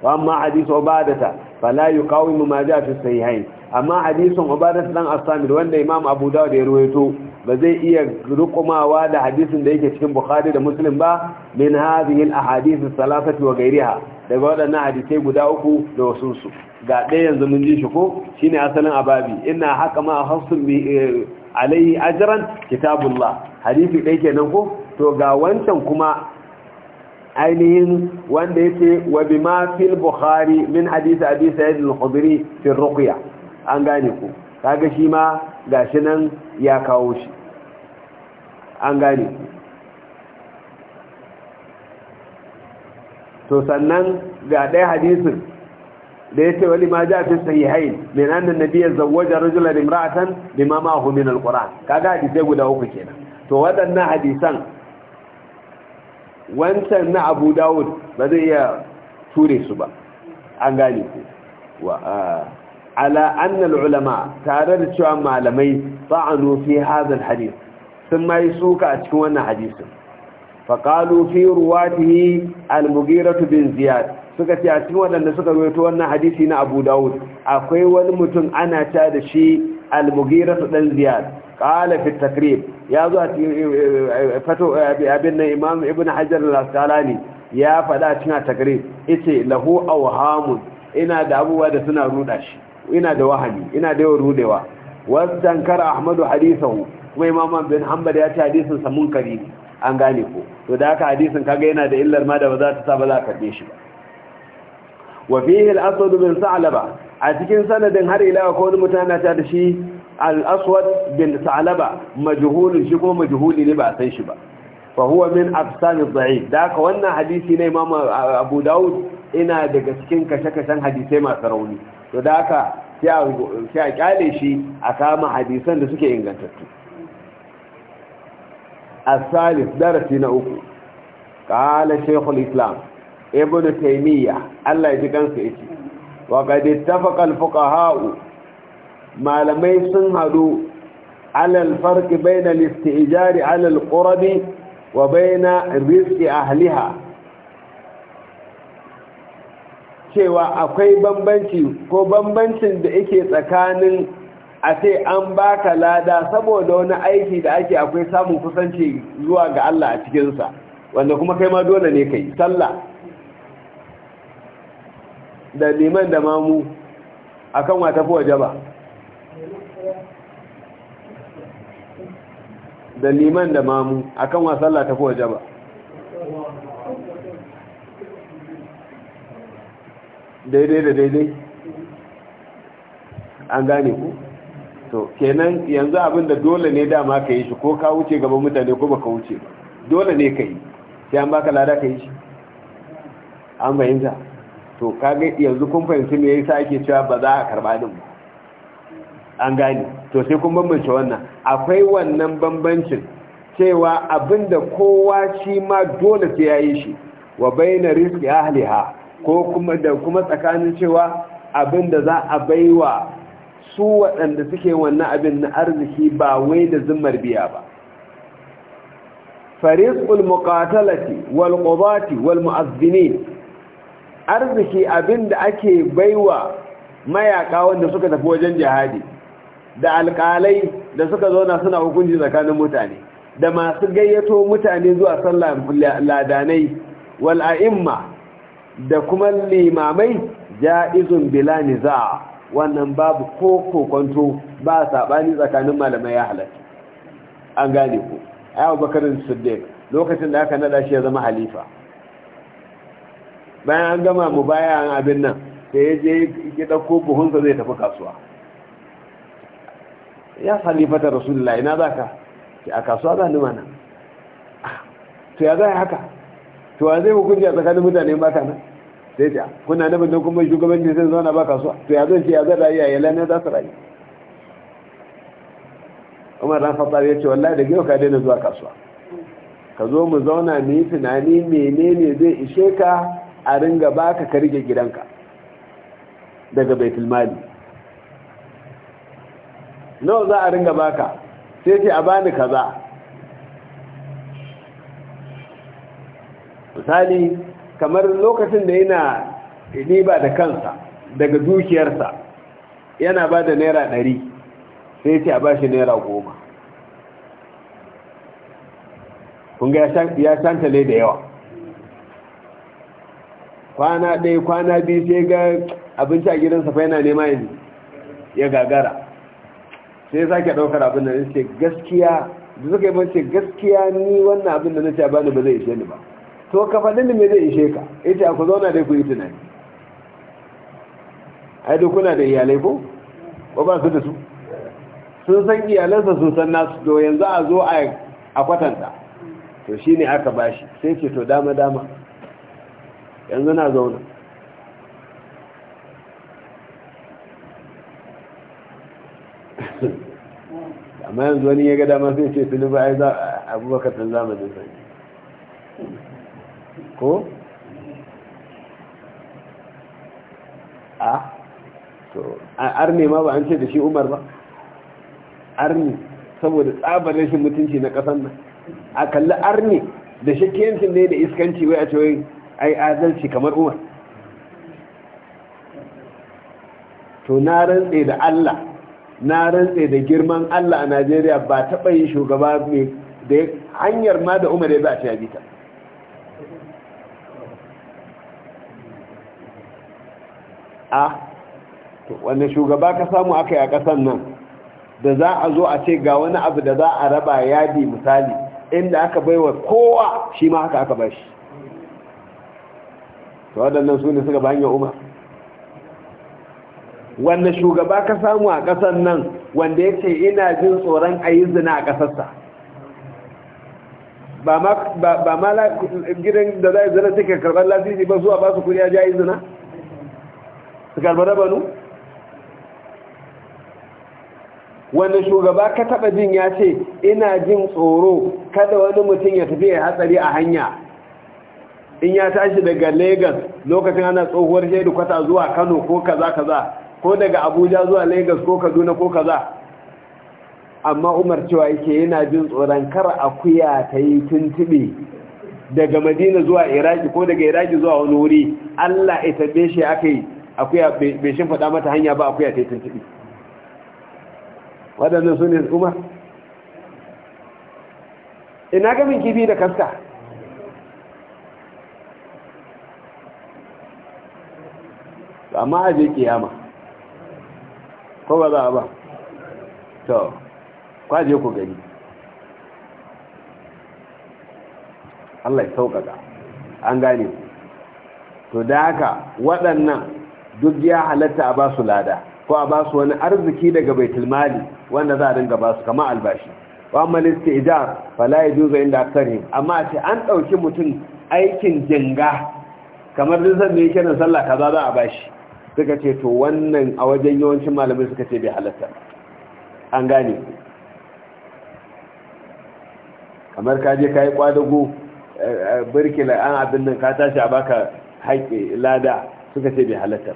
واما حديث عبادة فلا يقاوم ما جاء في الصحيحين اما حديث عبادة دان الصامد وان امام ابو داود يرويته بزي iya rukumawa da hadisin da yake cikin bukhari da muslim ba min hadhihi al ahadith al thalathati wa ghayriha daga waɗannan hadisai guda uku da wasu su ga ɗaya yanzu mun ji shi ko shine asalin ababi Ina haka ma a hasun bi eh, alai ajran kitabullah hadisi ɗaya kenan ko to ga wancan kuma ainihin wanda yake wa bima fil bukhari min hadisi abi sa'id al-khudri fi ruqya an gane ku kaga shi ma gashi nan ya kawo shi an gane to sannan ga ɗaya hadisin da ya ce wani ma ja fi sahihain min annan nabiyyi zawwaja rajulan imra'atan bima ma ma'ahu min al-qur'an kaga hadisi guda uku kenan to waɗannan hadisan wancan na abu dawud ba zai iya ture su ba an gane ku ala annal ulama tare da cewa malamai ta'anu fi hadha alhadith sun mai suka a cikin wannan hadisin faqalu fi ruwatihi al-mughirah bin ziyad suka ce a cikin waɗanda suka rawaito wannan hadisi na Abu Dawud akwai wani mutum ana ta da shi al-mughirah dan ziyad qala fi takrib ya zo a cikin eh, eh, eh, abin nan imam ibn hajar al-asqalani ya faɗa cikin takrir ita lahu awhamun ina da abubuwa da suna ruda shi ina da wahani ina da yawan rudewa wasan kara ahmadu hadisahu kuma imam bin hanbal ya ce hadisin sa kari an gane ko to da haka hadisin kaga yana da illar ma da ba za ta sa ba za ka karbe shi ba wa fihi al-asad bin sa'laba a cikin sanadin har ila ko wani mutana ta da shi al-aswad bin salaba majhulun shi ko majhuli ne ba san shi ba fa huwa min afsan adh da aka wannan hadisi ne mama abu daud ina daga cikin kashe-kashen hadisai masu rauni to da aka sai a kyale shi a kama hadisan da suke ingantattu Islam, Ibn أكو Allah ya ji ابن ya الله يتقنس إيشي وقد fuka ha'u. malamai sun hadu alal farki baina listijari alal qurabi wa baina rizqi ahliha cewa akwai bambanci ko bambancin da yake tsakanin a ce an baka lada saboda wani aiki da ake akwai samun kusanci zuwa ga Allah a cikinsa wanda kuma kai ma dole ne kai sallah da liman da mamu akan wata waje da liman da mamu akan wasan sallah ta fi waje ba daidai da daidai an gane ku to kenan yanzu abinda dole ne dama ka yi shi ko ka wuce gaban mutane ko ba ka wuce dole ne ka yi sai an baka lada ka yi shi an bayin to kaga yanzu kun fahimci me yasa ake cewa ba za a karba din ba an gane to sai kun bambance wannan akwai wannan bambancin cewa abinda kowa shi ma dole sai yayi shi wa baina rizqi ahliha ko kuma da kuma tsakanin cewa abinda za a baiwa su waɗanda suke wannan abin na arziki ba wai da zimmar biya ba farizqul muqatalati wal qubati wal mu'azzinin arziki abinda ake baiwa mayaka wanda suka tafi wajen jihadi da alƙalai da suka zauna suna hukunci tsakanin mutane da masu gayyato mutane zuwa sallah ladanai wal a'imma da kuma limamai ja'izun bila niza wannan babu ko kokonto ba sabani tsakanin malamai ya halatta an gane ku ayyau bakarin siddiq lokacin da aka nada shi ya zama halifa bayan an gama mu baya abin nan sai ya je ya dauko buhunsa zai tafi kasuwa ya halifata rasulullah ina za ka ce a kasuwa za ni mana to ya za haka to ya zai hukunci a tsakanin mutane ba ka nan sai ce kuna nufin da kuma shugabanci sai zauna ba kasuwa to ya zai ce ya zai rayu ya lana za su rayu umar ran khattab ya ce wallahi da gina ka daina zuwa kasuwa ka zo mu zauna mu yi tunani menene zai ishe ka a ringa baka ka rike gidanka daga baitul mali nawa za a ringa baka sai ce a bani kaza misali kamar lokacin da yana riba da kansa daga dukiyarsa yana ba da naira ɗari sai ce a ba shi naira goma kunga ya shantale da yawa kwana ɗaya kwana biyu sai ga abinci a gidansa fa yana nema ya gagara sai ya sake daukar abin da nace gaskiya da suka yi mace gaskiya ni wannan abin da nace bani ba zai ishe ni ba to ka faɗi ni me zai ishe ka yace ku zauna dai ku yi tunani ai duk kuna da iyalai ko ba ba su da su sun san iyalansa sun san nasu to yanzu a zo a kwatanta to shine aka bashi sai ce to dama dama yanzu na zauna amma yanzu wani ya ga dama sai ce tuni ba yi za abubakar tun zamanin sai ko a to arne ma ba an ce da shi umar ba arne saboda tsabar rashin mutunci na kasan nan a kalli arne da kiyancin ne da iskanci wai a cewa ai adalci kamar umar to na rantse da Allah na rantse da girman Allah a Najeriya ba taɓa yin shugaba ne da hanyar ma da umar ya za a bita a wanda shugaba ka samu aka yi a ƙasan nan da za a zo a ce ga wani abu da za a raba yadi misali inda aka baiwa kowa shi ma haka aka bashi to waɗannan su ne suka ba hanyar umar wanda shugaba ka samu a ƙasar nan wanda ya ce ina jin tsoron a yi zina a ƙasarsa ba ma gidan da za a zina suke karɓar lasisi ba zuwa ba su kuri a jayi yi zina su karɓar rabanu wanda shugaba ka taɓa jin ya ce ina jin tsoro kada wani mutum ya tafi ya hatsari a hanya in ya tashi daga Legas lokacin ana tsohuwar shaidu kwata zuwa kano ko kaza kaza ko daga abuja zuwa lagos ko kaduna ko kaza amma umar cewa yake yana jin tsoron kar akuya ta yi tuntube daga madina zuwa iraki ko daga iraki zuwa wani wuri allah ya tabbe shi aka yi akuya bai shi faɗa mata hanya ba akuya ta yi tuntube waɗannan su ne umar ina gamin kifi da kaska amma a je kiyama ko ba za a ba to kwaje ku gani Allah ya sauƙaƙa an gane ku to da haka waɗannan duk ya halatta a ba su lada ko a ba su wani arziki daga baitul mali wanda za a dinga ba su kama albashi wa malista idan fala ya juzo inda aksarin amma ce an ɗauki mutum aikin jinga kamar zan mai kiran sallah kaza za a bashi suka ce to wannan a wajen yawancin malamai suka ce bai halatta an gane kamar ka je ka yi kwadago eh, eh, birkila an abin nan ka tashi a baka haƙe lada suka ce bai halatta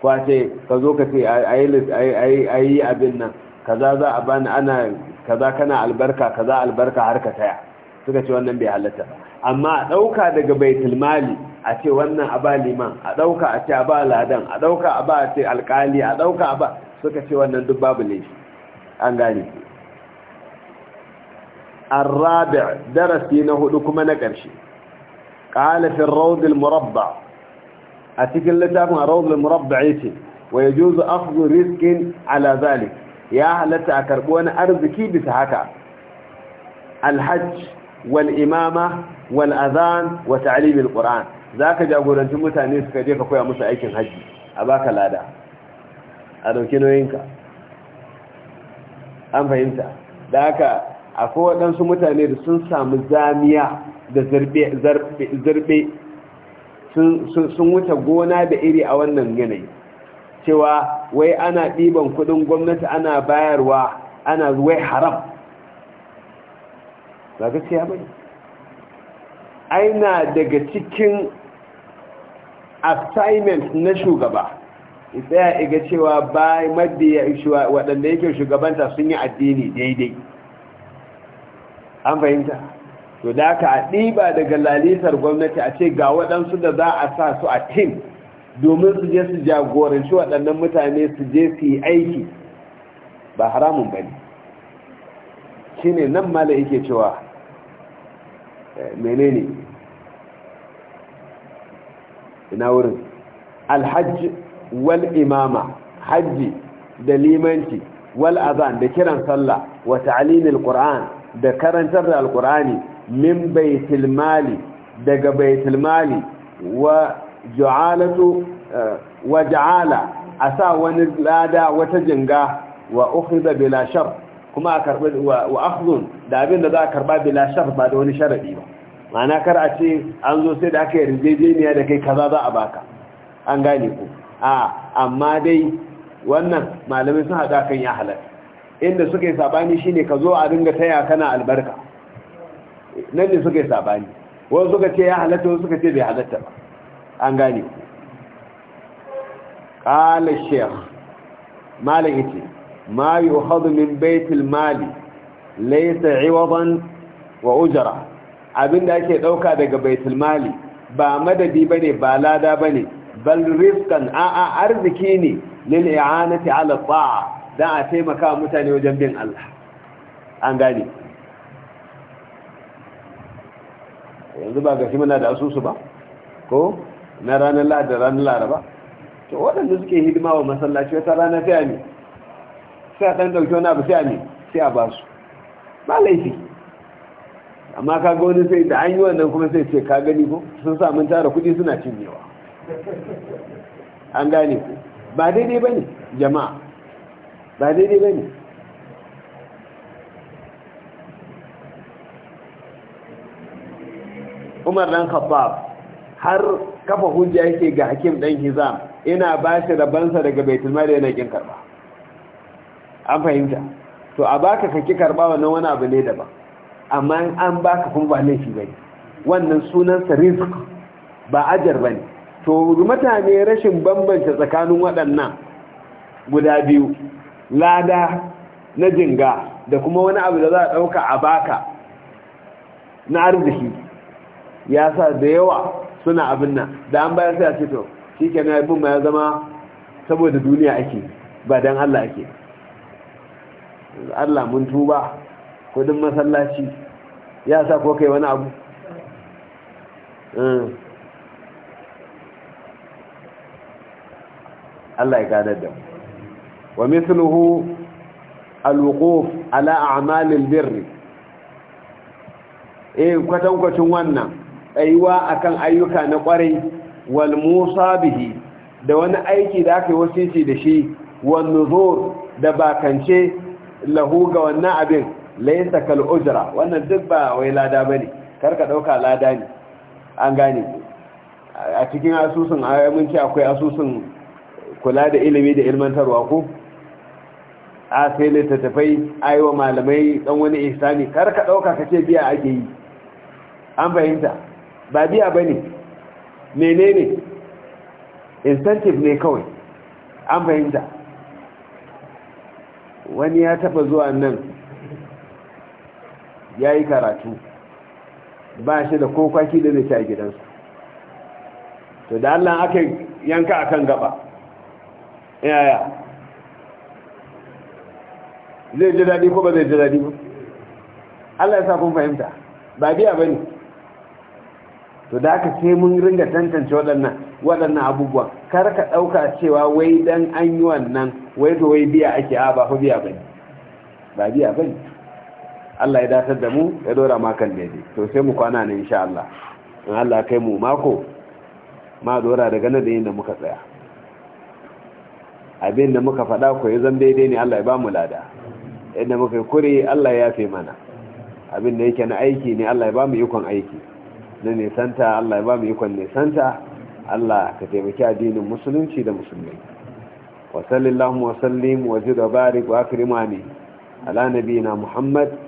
ko a ce ka zo ka ce a yi abin nan kaza za a bani ana kaza kana albarka kaza albarka har ka taya suka ce wannan bai halatta amma ɗauka daga baitul mali a ce wannan a ba liman a ɗauka a ce a ba ladan a ɗauka a ba a ce alkali a ɗauka a ba suka ce wannan duk babu ne an gani an rabi darasi na hudu kuma na ƙarshe ƙalifin raudul murabba a cikin littafin a raudul murabba ya ce wa ya juzu akwai riskin alazali ya halatta a karɓi wani arziki bisa haka alhajj wal imama wal azan wa ta'alimin qur'an za ka jagoranci mutane suka je ka koya musu aikin hajji a baka lada a dauki noyinka an fahimta da haka akwai waɗansu mutane da sun samu zamiya da zarbe sun wuce gona da iri a wannan yanayi cewa wai ana ɗiban kudin gwamnati ana bayarwa ana wai haram ba gaskiya bai aina daga cikin assignment na shugaba tsaya iga cewa bai mabiya waɗanda yake shugabanta sun yi addini daidai an fahimta to da aka a ɗiba daga lalitar gwamnati a ce ga waɗansu da za a sa su a tim domin su je su jagoranci waɗannan mutane su je su yi aiki ba haramun ba ne shi ne nan mala yake cewa eh, menene ina wurin Alhaji wal imama hajji da limanci wal azan da kiran sallah wa ta'limil qur'an da karantar da alqur'ani min baitil mali daga baitul mali wa ju'alatu eh, wa ja'ala asa wani lada wata jinga wa ukhidha bila shar kuma a karbi wa akhdhun da abin da za a karba bila shar ba da wani sharadi ba ma'ana kar a ce an zo sai da aka yarjejeniya da kai kaza za a baka an gane ku a amma dai wannan malamai sun haɗa kan ya halal. inda suka yi sabani shine ka zo a dinga taya kana albarka nan ne suka yi sabani wani suka ce ya halatta wani suka ce bai halatta ba an gane ku qala sheikh malam ce. ma yu'khadhu min baitul mali laysa 'iwadan wa ujra abin da ake ɗauka daga baitul mali ba madadi ba ne ba lada ba ne bal rifkan a'a arziki ne lil i'anati ala ta'a dan a taimaka mutane wajen bin Allah an gane yanzu ba gashi muna da asusu ba ko na ranar da ranar laraba to waɗanda suke hidima wa masallaci wata rana sai a ne sai a ɗan ɗauki wani abu sai a ne sai a ba su ba laifi amma ka ga wani sai da an yi wannan kuma sai ce ka gani ko sun sa mun tara kuɗi suna cinyewa an gane ku ba daidai ba ne jama'a ba daidai ba ne umar dan khattab har kafa hujja yake ga hakim dan hizam ina ba shi rabansa daga baitul mali yana kin karba an fahimta to a baka kake karba wannan wani abu ne daban amma an ba ka kuma ba laifi bane wannan sunansa rizq ba ajar bane to mutane rashin bambanta tsakanin waɗannan guda biyu lada na jinga da kuma wani abu da za a ɗauka a baka na arziki ya sa da yawa suna abin nan da an bayar sai a ce to shi ke na yabin ma ya zama saboda duniya ake ba don Allah ake Allah mun tuba kudin masallaci ya sa ko kai wani abu hmm. Allah ya gada da mu wa mithluhu alwuquf ala a'malil birri eh kwatankwacin wannan aiwa akan ayyuka na kwarai wal musa bihi da wani aiki da aka yi ce da shi wan nuzur da bakance lahu ga wannan abin laisa kal ujra wannan duk ba wai lada bane karka dauka lada ne an gane a cikin asusun mun ce akwai asusun kula da ilimi da ilmantarwa ko a sai littattafai aiwa malamai dan wani ihsani karka dauka kace biya ake yi an fahimta ba biya bane menene incentive ne kawai an fahimta wani ya taba zuwa nan ya yi karatu ba shi da kokwaki da zai ci a gidansu to da allah aka yanka a kan gaba yaya zai ji daɗi ko ba zai ji daɗi ba allah ya sa kun fahimta ba biya ba ne to da aka sai mun ringa tantance waɗannan waɗannan abubuwa kar ka ɗauka cewa wai dan an yi wannan wai to wai biya ake a ba fa biya ba ne ba biya ba ne Allah ya datar da mu ya dora makan daidai to sai mu kwana ne insha Allah in Allah kai mu mako ma dora daga nan da yin da muka tsaya abin da muka faɗa ko ya zan daidai ne Allah ya ba mu lada yadda muka yi kure Allah ya yafe mana abin da yake na aiki ne Allah ya ba mu ikon aiki na nisanta Allah ya ba mu ikon nisanta Allah ka taimaki addinin musulunci da musulmai wa sallallahu wa sallim wa zid barik wa akrimani ala nabiyina muhammad